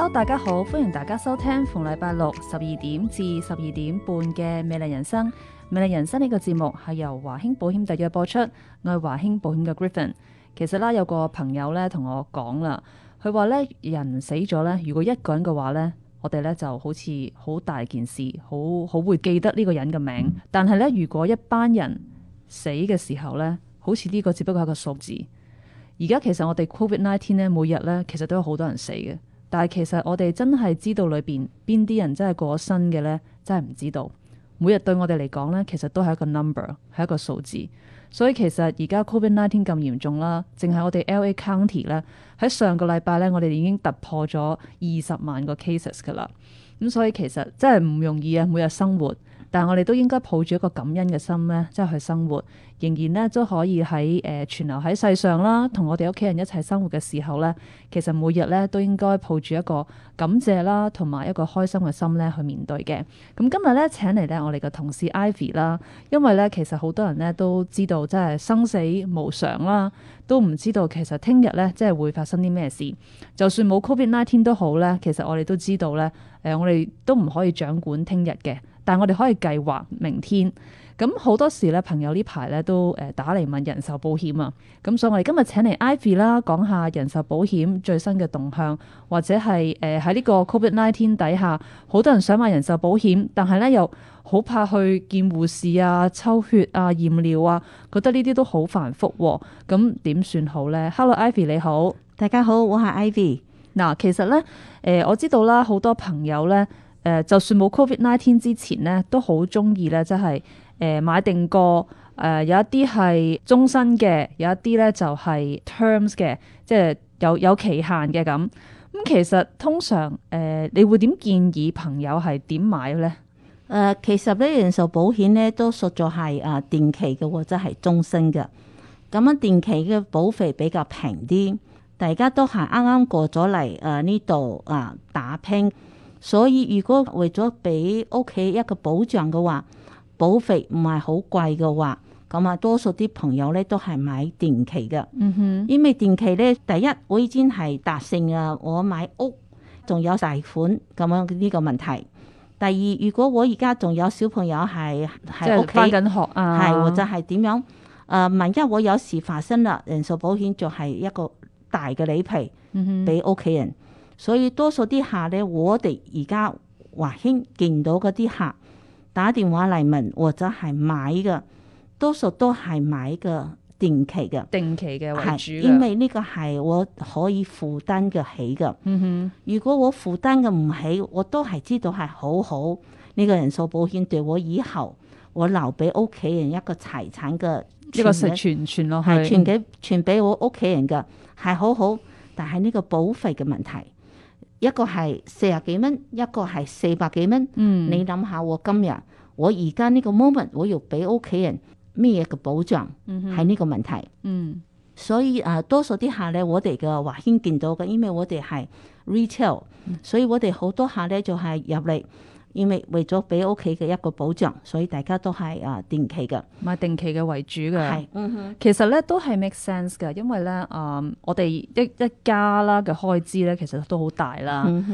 Hello 大家好，歡迎大家收聽逢禮拜六十二點至十二點半嘅《美麗人生》。《美麗人生》呢個節目係由華興保險特約播出。我係華興保險嘅 Griffin。其實啦，有個朋友咧同我講啦，佢話咧，人死咗咧，如果一個人嘅話咧，我哋咧就好似好大件事，好好會記得呢個人嘅名。但係咧，如果一班人死嘅時候咧，好似呢個只不過係一個數字。而家其實我哋 Covid nineteen 咧，每日咧其實都有好多人死嘅。但係其實我哋真係知道裏邊邊啲人真係過咗身嘅呢？真係唔知道。每日對我哋嚟講呢，其實都係一個 number，係一個數字。所以其實而家 COVID-19 咁嚴重啦，淨係我哋 LA County 咧，喺上個禮拜咧，我哋已經突破咗二十萬個 cases 㗎啦。咁、嗯、所以其實真係唔容易啊，每日生活。但係我哋都應該抱住一個感恩嘅心咧，即係去生活，仍然咧都可以喺誒存留喺世上啦。同我哋屋企人一齊生活嘅時候咧，其實每日咧都應該抱住一個感謝啦，同埋一個開心嘅心咧去面對嘅。咁今日咧，請嚟咧我哋嘅同事 Ivy 啦，因為咧其實好多人咧都知道，即係生死無常啦，都唔知道其實聽日咧即係會發生啲咩事。就算冇 Covid nineteen 都好咧，其實我哋都知道咧，誒我哋都唔可以掌管聽日嘅。但我哋可以計劃明天。咁好多時咧，朋友呢排咧都誒打嚟問人壽保險啊。咁所以，我哋今日請嚟 Ivy 啦，講下人壽保險最新嘅動向，或者係誒喺呢個 Covid Nineteen 底下，好多人想買人壽保險，但係咧又好怕去見護士啊、抽血啊、驗尿啊，覺得呢啲都好繁複喎。咁點算好呢？Hello，Ivy，你好，大家好，我係 Ivy。嗱，其實呢，誒、呃，我知道啦，好多朋友呢。誒、呃，就算冇 Covid nineteen 之前咧，都好中意咧，即係誒買定個誒、呃，有一啲係終身嘅，有一啲咧就係、是、terms 嘅，即係有有期限嘅咁。咁其實通常誒、呃，你會點建議朋友係點買咧？誒、呃，其實咧人壽保險咧，都屬咗係啊定期嘅，即係終身嘅。咁啊定期嘅保費比較平啲，大家都係啱啱過咗嚟誒呢度啊打拼。所以如果為咗俾屋企一個保障嘅話，保費唔係好貴嘅話，咁啊多數啲朋友咧都係買定期嘅。因、嗯、哼，因為定期咧，第一，我已經係達成啊，我買屋，仲有貸款咁樣呢個問題。第二，如果我而家仲有小朋友係係屋企，翻緊學啊，係或者係點樣？誒、呃，萬一我有事發生啦，人壽保險就係一個大嘅理賠，嗯俾屋企人。嗯所以多數啲客咧，我哋而家華興見到嗰啲客打電話嚟，問或者係買噶，多數都係買嘅定期嘅，定期嘅為主。因為呢個係我可以負擔嘅起嘅。嗯哼，如果我負擔嘅唔起，我都係知道係好好呢個人壽保險，對我以後我留俾屋企人一個財產嘅，呢個係傳傳落去，係傳俾傳俾我屋企人嘅，係好好。但係呢個保費嘅問題。一個係四十幾蚊，一個係四百幾蚊。嗯，你諗下，我今日我而家呢個 moment，我要俾屋企人咩嘢嘅保障？嗯，係呢個問題。嗯,嗯，所以啊，多數啲客咧，我哋嘅華興見到嘅，因為我哋係 retail，所以我哋好多客咧就係入嚟。因為為咗俾屋企嘅一個保障，所以大家都係啊定期嘅，買定期嘅為主嘅。係是，mm hmm. 其實咧都係 make sense 㗎，因為咧啊，我哋一一家啦嘅開支咧其實都好大啦。咁、mm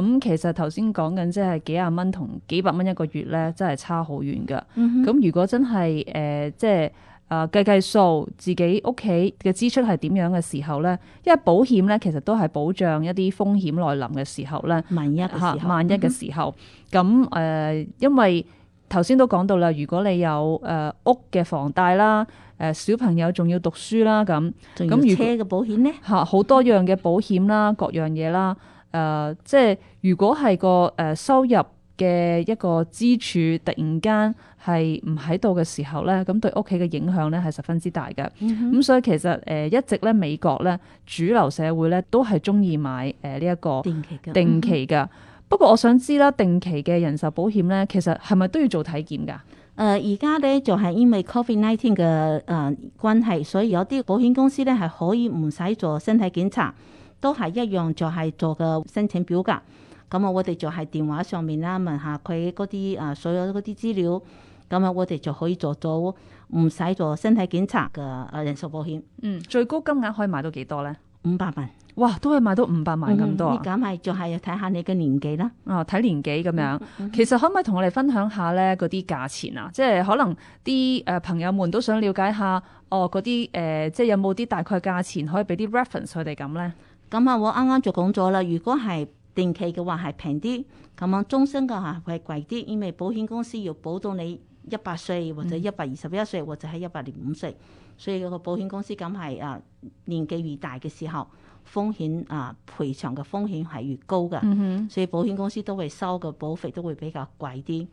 hmm. 其實頭先講緊即係幾廿蚊同幾百蚊一個月咧，真係差好遠㗎。咁、hmm. 如果真係誒即係。呃就是誒，計計數自己屋企嘅支出係點樣嘅時候咧？因為保險咧，其實都係保障一啲風險來臨嘅時候咧、啊，萬一嘅時候，萬一嘅時候。咁誒、啊，因為頭先都講到啦，如果你有誒屋嘅房貸啦，誒、啊、小朋友仲要讀書啦，咁，咁車嘅保險咧，吓好、啊、多樣嘅保險啦，各樣嘢啦，誒、啊，即係如果係個誒收入嘅一個支柱，突然間。係唔喺度嘅時候咧，咁對屋企嘅影響咧係十分之大嘅。咁、嗯哼嗯、所以其實誒一直咧美國咧主流社會咧都係中意買誒呢一個定期嘅、嗯、不過我想知啦，定期嘅人壽保險咧，其實係咪都要做體檢噶？誒而家咧就係、是、因為 Covid nineteen 嘅誒、呃、關係，所以有啲保險公司咧係可以唔使做身體檢查，都係一樣就係做個申請表格。咁我我哋就喺電話上面啦問下佢嗰啲誒所有嗰啲資料。咁啊，我哋就可以做到唔使做身體檢查嘅誒人壽保險。嗯，最高金額可以買到幾多咧？五百萬。哇，都可以買到五百萬咁多。依咁係仲係要睇下你嘅年紀啦。哦，睇年紀咁樣。嗯嗯、其實可唔可以同我哋分享下咧嗰啲價錢啊？即係可能啲誒、呃、朋友們都想了解下，哦嗰啲誒即係有冇啲大概價錢可以俾啲 reference 佢哋咁咧？咁啊，我啱啱就講咗啦。如果係定期嘅話係平啲，咁樣終身嘅話係貴啲，因為保險公司要保到你。一百歲或者一百二十一歲或者係一百零五歲，所以個保險公司咁係啊，年紀越大嘅時候風險啊，賠償嘅風險係越高嘅，所以保險公司都會收嘅保費都會比較貴啲。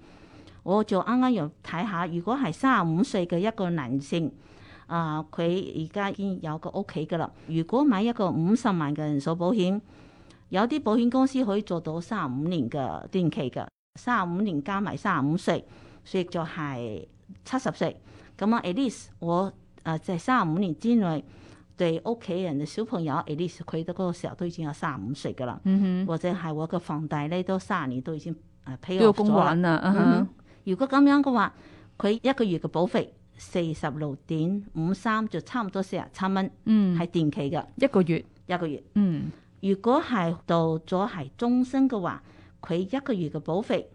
我就啱啱又睇下，如果係三十五歲嘅一個男性啊，佢而家已經有個屋企噶啦。如果買一個五十萬嘅人壽保險，有啲保險公司可以做到三十五年嘅定期嘅，三十五年加埋三十五歲。所以就係七十歲，咁啊 at least 我誒就係三十五年之內，對屋企人嘅小朋友 at least 可以喺嗰個時候都已經有三十五歲噶啦。嗯哼。或者係我嘅房貸咧，都三十年都已經誒 pay off 咗。要供還啦。嗯哼。如果咁樣嘅話，佢一個月嘅保費四十六點五三，53，就差唔多四十七蚊。嗯。係定期㗎。一個月。嗯、一個月。嗯。如果係到咗係終身嘅話，佢一個月嘅保費。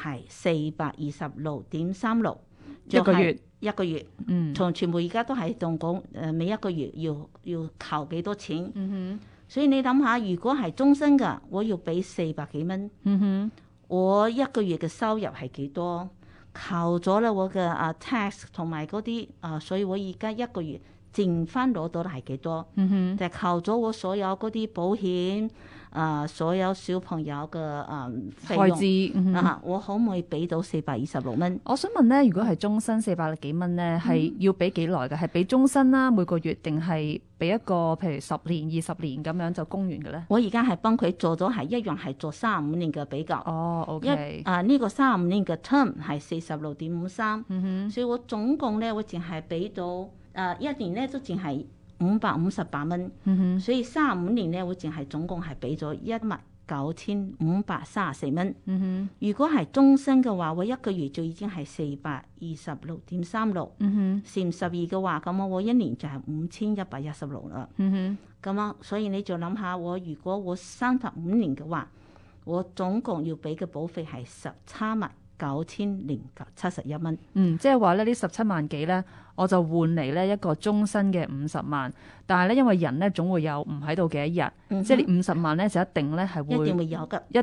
係四百二十六點三六，一個月一個月，個月嗯，從全部而家都係同講誒，每一個月要要扣幾多錢，嗯哼，所以你諗下，如果係終身嘅，我要俾四百幾蚊，嗯哼，我一個月嘅收入係幾多？扣咗咧我嘅啊、uh, tax 同埋嗰啲啊，所以我而家一個月淨翻攞到係幾多？嗯哼，就係扣咗我所有嗰啲保險。啊、呃！所有小朋友嘅、呃嗯、啊，孩子我可唔可以俾到四百二十六蚊？我想問咧，如果係終身四百幾蚊咧，係要俾幾耐嘅？係俾、嗯、終身啦、啊，每個月定係俾一個譬如十年、二十年咁樣就供完嘅咧？我而家係幫佢做咗係一樣係做三五年嘅比較。哦，OK。一啊，呢、呃呢個三五年嘅 term 係四十六點五三。所以我總共咧，我淨係俾到啊、呃、一年咧，都淨係，呃五百五十八蚊，嗯、哼所以三十五年咧，我淨係總共係俾咗一萬九千五百三十四蚊。嗯、哼如果係終身嘅話，我一個月就已經係四百二十六點三六。乘十二嘅話，咁我一年就係五千一百一十六啦。咁啊、嗯哼，所以你就諗下，我如果我三十五年嘅話，我總共要俾嘅保費係十七萬九千零七十一蚊。嗯，即係話咧，呢十七萬幾咧。我就換嚟咧一個終身嘅五十萬，但係咧因為人咧總會有唔喺度嘅一日，嗯、哼即係五十萬咧就一定咧係會一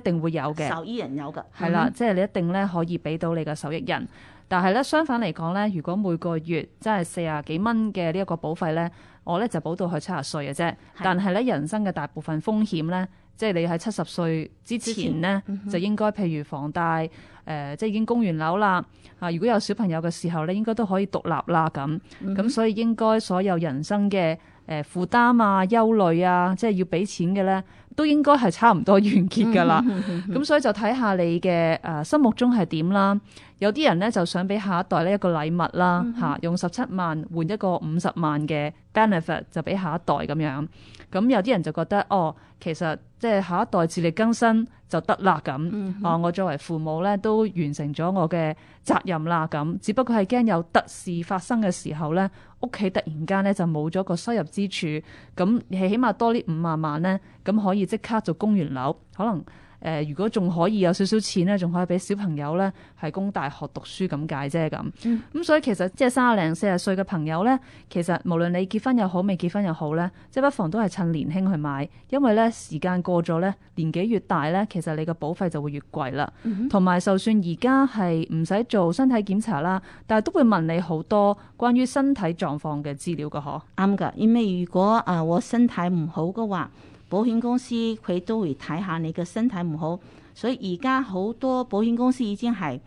定會有嘅受益人有嘅，係、嗯、啦，即係你一定咧可以俾到你嘅受益人。但係咧相反嚟講咧，如果每個月即係四十幾蚊嘅呢一個保費咧，我咧就保到去七十歲嘅啫。但係咧人生嘅大部分風險咧。即係你喺七十歲之前呢，前嗯、就應該譬如房貸誒、呃，即係已經供完樓啦。啊，如果有小朋友嘅時候呢，應該都可以獨立啦。咁咁，嗯、哼所以應該所有人生嘅誒負擔啊、憂慮啊，即係要俾錢嘅呢，都應該係差唔多完結噶啦。咁、嗯嗯嗯、所以就睇下你嘅誒、呃、心目中係點啦。有啲人咧就想俾下一代呢一個禮物啦，嚇、嗯、哼用十七萬換一個五十萬嘅 benefit 就俾下一代咁樣。咁有啲人就覺得哦，其實即係下一代自力更生就得啦咁。嗯、哼啊，我作為父母咧都完成咗我嘅責任啦咁。只不過係驚有特事發生嘅時候咧，屋企突然間咧就冇咗個收入之處，咁起碼多呢五十萬咧，咁可以即刻做供完樓，可能。誒、呃，如果仲可以有少少錢咧，仲可以俾小朋友咧，係供大學讀書咁解啫咁。咁、嗯嗯、所以其實即係三十零四十歲嘅朋友咧，其實無論你結婚又好，未結婚又好咧，即係不妨都係趁年輕去買，因為咧時間過咗咧，年紀越大咧，其實你嘅保費就會越貴啦。同埋、嗯、哼就算而家係唔使做身體檢查啦，但係都會問你好多關於身體狀況嘅資料嘅嗬。啱㗎，因為如果啊我身體唔好嘅話，保險公司佢都會睇下你嘅身體唔好，所以而家好多保險公司已經係誒、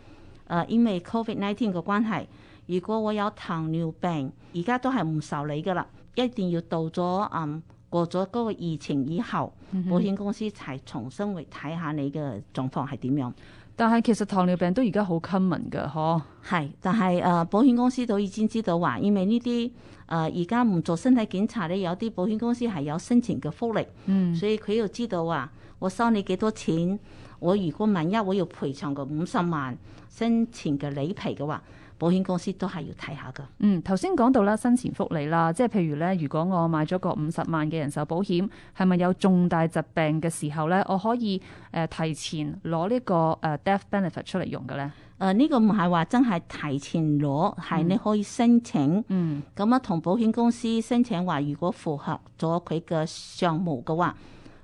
呃，因為 Covid 19嘅關係，如果我有糖尿病，而家都係唔受理㗎啦，一定要到咗誒、嗯、過咗嗰個疫情以後，保險公司才重新會睇下你嘅狀況係點樣。但係其實糖尿病都而家好 common 㗎，嗬、呃，係，但係誒保險公司都已經知道話，因為呢啲誒而家唔做身體檢查咧，有啲保險公司係有生前嘅福利，嗯，所以佢要知道話，我收你幾多錢，我如果萬一我要賠償個五十萬生前嘅理賠嘅話。保險公司都係要睇下噶。嗯，頭先講到啦，生前福利啦，即係譬如咧，如果我買咗個五十萬嘅人壽保險，係咪有重大疾病嘅時候咧，我可以誒提前攞呢個誒 death benefit 出嚟用嘅咧？誒呢、呃這個唔係話真係提前攞，係你可以申請。嗯。咁、嗯、啊，同保險公司申請話，如果符合咗佢嘅上務嘅話，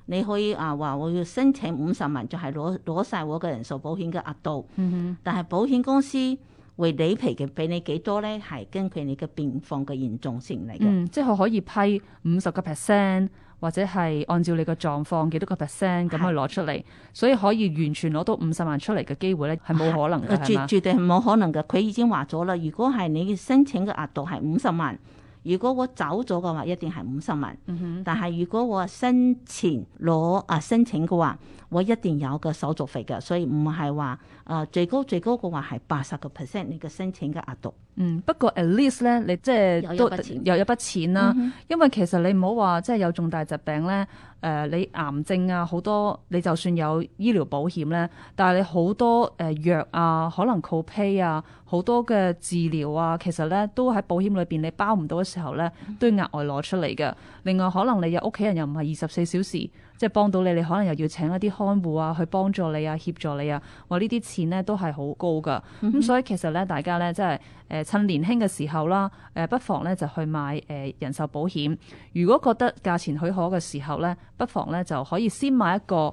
你可以啊話我要申請五十萬就，就係攞攞曬我嘅人壽保險嘅額度。嗯哼。但係保險公司，會理賠嘅俾你幾多咧？係根據你嘅病況嘅嚴重性嚟嘅。嗯，即係可以批五十個 percent，或者係按照你嘅狀況幾多個 percent 咁去攞出嚟。是所以可以完全攞到五十萬出嚟嘅機會咧，係冇可能嘅，係嘛是吧？絕絕對係冇可能嘅。佢已經話咗啦，如果係你申請嘅額度係五十萬。如果我走咗嘅話，一定係五十萬。嗯、哼但係如果我生前攞啊申請嘅話，我一定有個手續費嘅，所以唔係話啊最高最高嘅話係八十個 percent 你嘅申請嘅額度。嗯，不過 at least 咧，你即係都有一筆錢啦。錢。嗯、哼因為其實你唔好話即係有重大疾病咧。誒、呃，你癌症啊，好多你就算有醫療保險咧，但係你好多誒、呃、藥啊，可能 co-pay 啊，好多嘅治療啊，其實咧都喺保險裏邊你包唔到嘅時候咧，都要額外攞出嚟嘅。另外，可能你有屋企人又唔係二十四小時。即係幫到你，你可能又要請一啲看護啊，去幫助你啊，協助你啊，我呢啲錢咧都係好高噶，咁、嗯、哼所以其實咧，大家咧即係誒趁年輕嘅時候啦，誒不妨咧就去買誒人壽保險。如果覺得價錢許可嘅時候咧，不妨咧就可以先買一個誒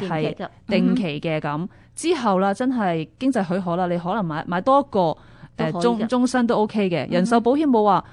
係、呃、定期嘅咁，嗯、哼之後啦真係經濟許可啦，你可能買買多一個誒終終身都 OK 嘅人壽保險冇話？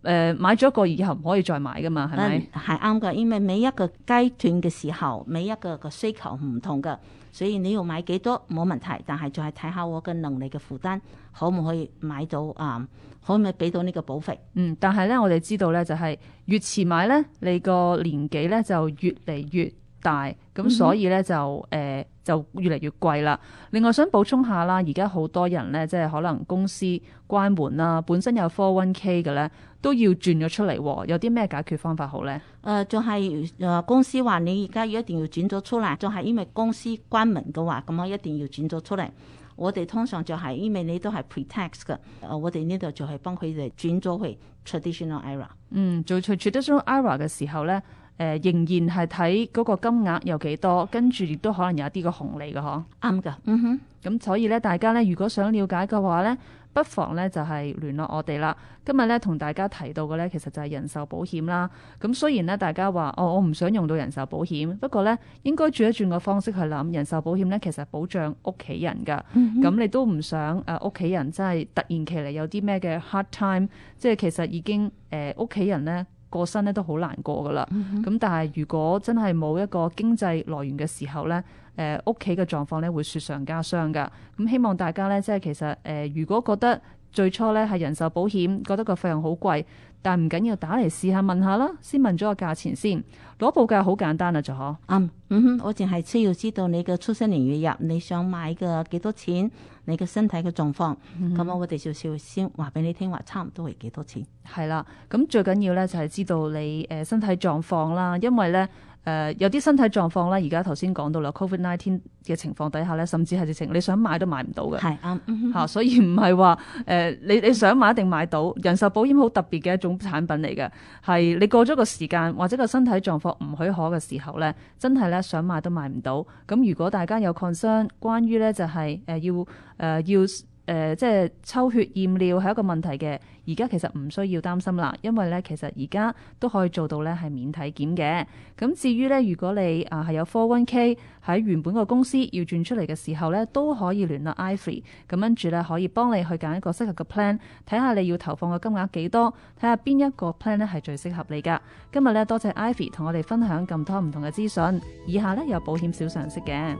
誒、呃，買咗一個以後唔可以再買噶嘛，係咪？係啱噶，因為每一個階段嘅時候，每一個嘅需求唔同噶，所以你要買幾多冇問題，但係就係睇下我嘅能力嘅負擔，可唔可以買到啊？可唔可以俾到呢個保費？嗯，但係咧，我哋知道咧，就係、是、越遲買咧，你個年紀咧就越嚟越。大，咁所以咧就誒、呃、就越嚟越貴啦。另外想補充下啦，而家好多人咧，即係可能公司關門啦、啊，本身有 four one k 嘅咧，都要轉咗出嚟。有啲咩解決方法好咧？誒、呃、就係、是、誒公司話你而家要一定要轉咗出嚟，仲、就、係、是、因為公司關門嘅話，咁我一定要轉咗出嚟。我哋通常就係因為你都係 pre tax 嘅，誒我哋呢度就係幫佢哋轉咗去 traditional IRA，嗯，做出 traditional IRA 嘅時候咧。誒、呃、仍然係睇嗰個金額有幾多，跟住亦都可能有啲個紅利嘅嗬，啱㗎，嗯哼。咁所以咧，大家咧如果想了解嘅話咧，不妨咧就係、是、聯絡我哋啦。今日咧同大家提到嘅咧，其實就係人壽保險啦。咁、嗯、雖然咧大家話哦，我唔想用到人壽保險，不過咧應該轉一轉個方式去諗，人壽保險咧其實保障屋企人㗎。咁你都唔想誒屋企人真係突然其嚟有啲咩嘅 hard time，即係其實已經誒屋企人咧，過身咧都好難過噶啦，咁、嗯、哼但係如果真係冇一個經濟來源嘅時候咧，誒屋企嘅狀況咧會雪上加霜噶，咁、嗯、希望大家咧即係其實誒、呃、如果覺得。最初咧係人壽保險，覺得個費用好貴，但唔緊要，打嚟試下問下啦，先問咗個價錢先，攞報價好簡單啦，就可。啱，嗯哼，我淨係需要知道你嘅出生年月日，你想買嘅幾多錢，你嘅身體嘅狀況，咁、嗯、哼我我哋少少先話俾你聽，話差唔多係幾多錢。係啦，咁最緊要咧就係知道你誒身體狀況啦，因為咧。誒、呃、有啲身體狀況啦，而家頭先講到啦，COVID-19 嘅情況底下咧，甚至係直情你想買都買唔到嘅，係啱嚇，所以唔係話誒你你想買一定買到。人壽保險好特別嘅一種產品嚟嘅，係你過咗個時間或者個身體狀況唔許可嘅時候咧，真係咧想買都買唔到。咁如果大家有 concern，關於咧就係誒要誒要。呃誒、呃，即係抽血驗尿係一個問題嘅，而家其實唔需要擔心啦，因為咧其實而家都可以做到咧係免體檢嘅。咁至於咧，如果你啊係有 401k 喺原本個公司要轉出嚟嘅時候咧，都可以聯絡 Ivy，咁跟住咧可以幫你去揀一個適合嘅 plan，睇下你要投放嘅金額幾多，睇下邊一個 plan 咧係最適合你㗎。今日咧多謝 Ivy 同我哋分享咁多唔同嘅資訊，以下咧有保險小常識嘅。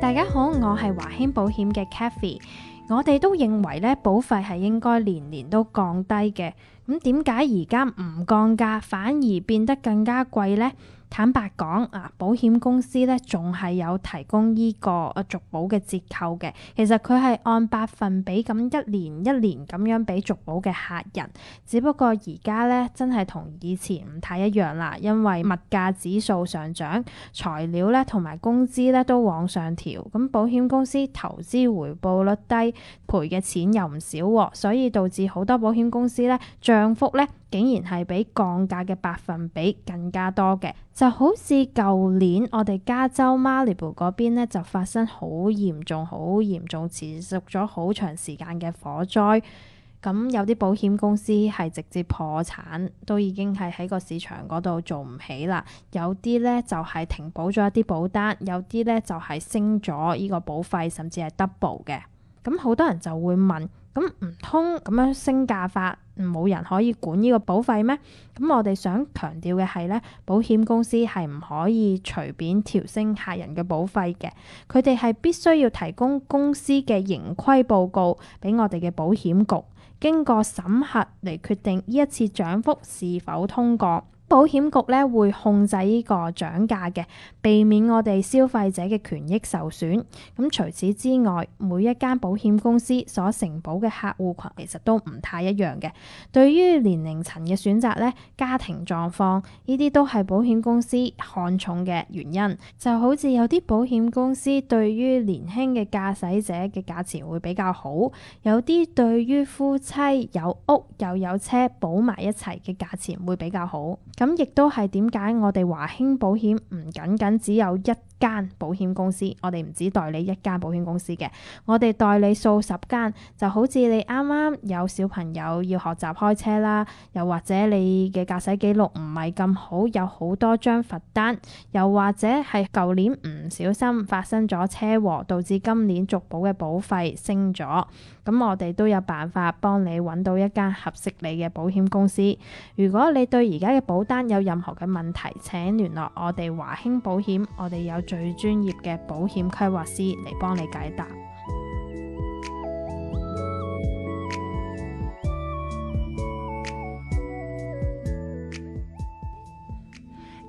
大家好，我係華興保險嘅 Cathy。我哋都認為呢，保費係應該年年都降低嘅，咁點解而家唔降價反而變得更加貴呢？坦白講，啊，保險公司咧仲係有提供依個續保嘅折扣嘅。其實佢係按百分比咁一年一年咁樣俾續保嘅客人。只不過而家咧真係同以前唔太一樣啦，因為物價指數上漲，材料咧同埋工資咧都往上調。咁保險公司投資回報率低，賠嘅錢又唔少喎，所以導致好多保險公司咧漲幅咧。竟然係比降價嘅百分比更加多嘅，就好似舊年我哋加州馬里布嗰邊呢就發生好嚴重、好嚴重持續咗好長時間嘅火災，咁有啲保險公司係直接破產，都已經係喺個市場嗰度做唔起啦。有啲呢就係、是、停保咗一啲保單，有啲呢就係、是、升咗呢個保費，甚至係 double 嘅。咁好多人就會問，咁唔通咁樣升價法？冇人可以管呢個保費咩？咁我哋想強調嘅係呢，保險公司係唔可以隨便調升客人嘅保費嘅，佢哋係必須要提供公司嘅盈虧報告俾我哋嘅保險局，經過審核嚟決定呢一次漲幅是否通過。保險局咧會控制呢個漲價嘅，避免我哋消費者嘅權益受損。咁除此之外，每一間保險公司所承保嘅客戶群其實都唔太一樣嘅。對於年齡層嘅選擇咧，家庭狀況呢啲都係保險公司看重嘅原因。就好似有啲保險公司對於年輕嘅駕駛者嘅價錢會比較好，有啲對於夫妻有屋又有車保埋一齊嘅價錢會比較好。咁亦都係點解我哋華興保險唔僅僅只有一間保險公司，我哋唔止代理一間保險公司嘅，我哋代理數十間，就好似你啱啱有小朋友要學習開車啦，又或者你嘅駕駛記錄唔係咁好，有好多張罰單，又或者係舊年唔小心發生咗車禍，導致今年續保嘅保費升咗，咁我哋都有辦法幫你揾到一間合適你嘅保險公司。如果你對而家嘅保單有任何嘅問題，請聯絡我哋華興保險，我哋有最專業嘅保險規劃師嚟幫你解答。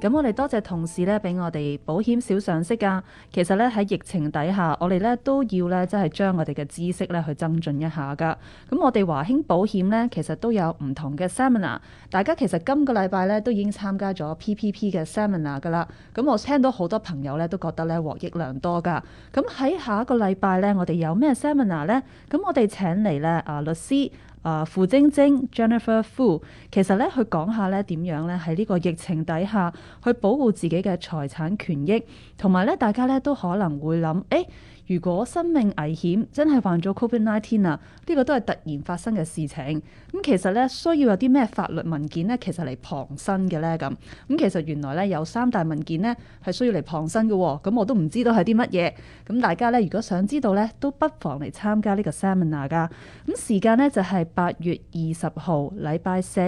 咁我哋多謝同事咧，俾我哋保險小常識啊。其實咧喺疫情底下，我哋咧都要咧即係將我哋嘅知識咧去增進一下噶。咁我哋華興保險咧，其實都有唔同嘅 seminar。大家其實今個禮拜咧都已經參加咗 PPP 嘅 seminar 噶啦。咁我聽到好多朋友咧都覺得咧獲益良多噶。咁喺下一個禮拜咧，我哋有咩 seminar 咧？咁我哋請嚟咧啊律師。啊，uh, 付晶晶 Jennifer Fu，其實咧，佢講下咧點樣咧，喺呢個疫情底下去保護自己嘅財產權益，同埋咧，大家咧都可能會諗，誒。如果生命危險真係患咗 Covid Nineteen 啊，呢、這個都係突然發生嘅事情。咁、啊、其實呢，需要有啲咩法律文件呢？其實嚟傍身嘅呢？咁、啊。咁其實原來呢，有三大文件呢係需要嚟傍身嘅。咁、啊、我都唔知道係啲乜嘢。咁、啊、大家呢，如果想知道呢，都不妨嚟參加呢個 Seminar 噶。咁、啊、時間呢，就係、是、八月二十號，禮拜四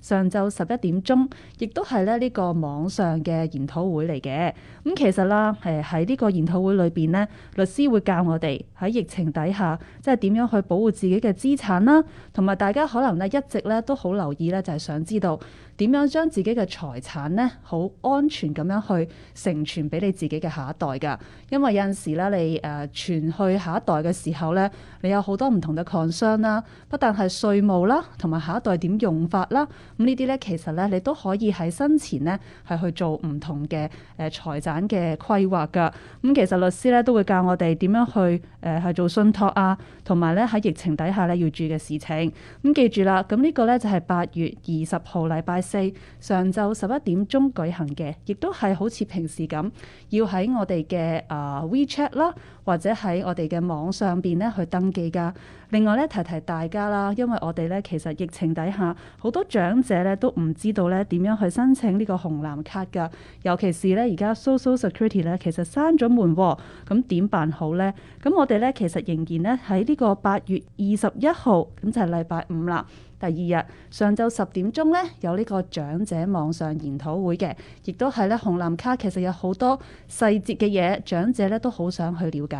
上晝十一點鐘，亦都係呢呢、這個網上嘅研討會嚟嘅。咁、啊、其實啦，誒喺呢個研討會裏邊呢。律師都會教我哋喺疫情底下，即係點樣去保護自己嘅資產啦，同埋大家可能咧一直咧都好留意咧，就係想知道。點樣將自己嘅財產呢好安全咁樣去承傳俾你自己嘅下一代噶？因為有陣時咧你誒、呃、傳去下一代嘅時候咧，你有好多唔同嘅 concern 啦，不但係稅務啦，同埋下一代點用法啦，咁、嗯、呢啲咧其實咧你都可以喺生前咧係去做唔同嘅誒、呃、財產嘅規劃噶。咁、嗯、其實律師咧都會教我哋點樣去誒係、呃、做信託啊，同埋咧喺疫情底下咧要注意嘅事情。咁、嗯、記住啦，咁、嗯、這個、呢個咧就係、是、八月二十號禮拜。四上晝十一點鐘舉行嘅，亦都係好似平時咁，要喺我哋嘅啊、uh, WeChat 啦。或者喺我哋嘅網上邊咧去登記噶。另外咧，提提大家啦，因為我哋咧其實疫情底下好多長者咧都唔知道咧點樣去申請呢個紅藍卡噶。尤其是咧而家 social security 咧其實閂咗門喎，咁點辦好呢？咁我哋咧其實仍然咧喺呢個八月二十一號，咁就係禮拜五啦。第二日上晝十點鐘咧有呢個長者網上研討會嘅，亦都係咧紅藍卡其實有好多細節嘅嘢，長者咧都好想去了解。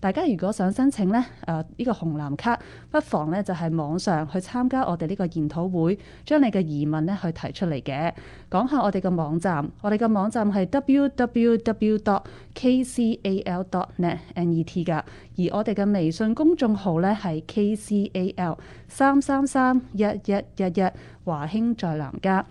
大家如果想申請咧，誒，呢個紅藍卡，不妨咧就係網上去參加我哋呢個研討會，將你嘅疑問咧去提出嚟嘅。講下我哋嘅網站，我哋嘅網站係 w w w. dot k c a l. dot n e t，而我哋嘅微信公眾號咧係 k c a l 三三三一一一一，華興在南加。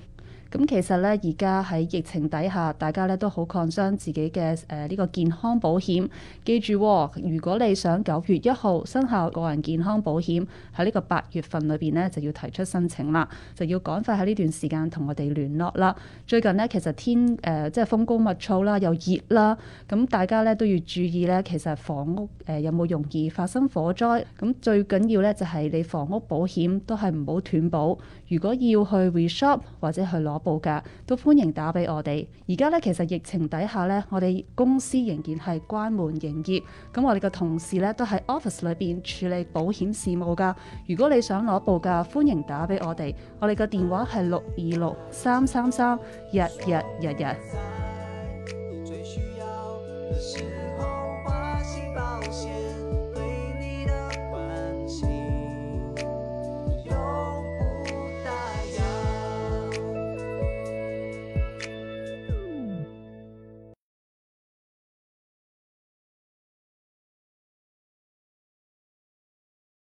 咁、嗯、其實呢，而家喺疫情底下，大家都好擴張自己嘅呢、呃這個健康保險。記住、哦，如果你想九月一號生效個人健康保險，喺呢個八月份裏面呢，就要提出申請啦，就要趕快喺呢段時間同我哋聯絡啦。最近呢，其實天誒、呃、即係風高物燥啦，又熱啦，咁、嗯、大家咧都要注意呢，其實房屋誒、呃、有冇容易發生火災？咁、嗯、最緊要咧就係、是、你房屋保險都係唔好斷保。如果要去 re-shop 或者去攞。報價都歡迎打俾我哋。而家咧，其實疫情底下咧，我哋公司仍然係關門營業。咁我哋個同事咧都喺 office 裏邊處理保險事務噶。如果你想攞報價，歡迎打俾我哋。我哋嘅電話係六二六三三三一一一一。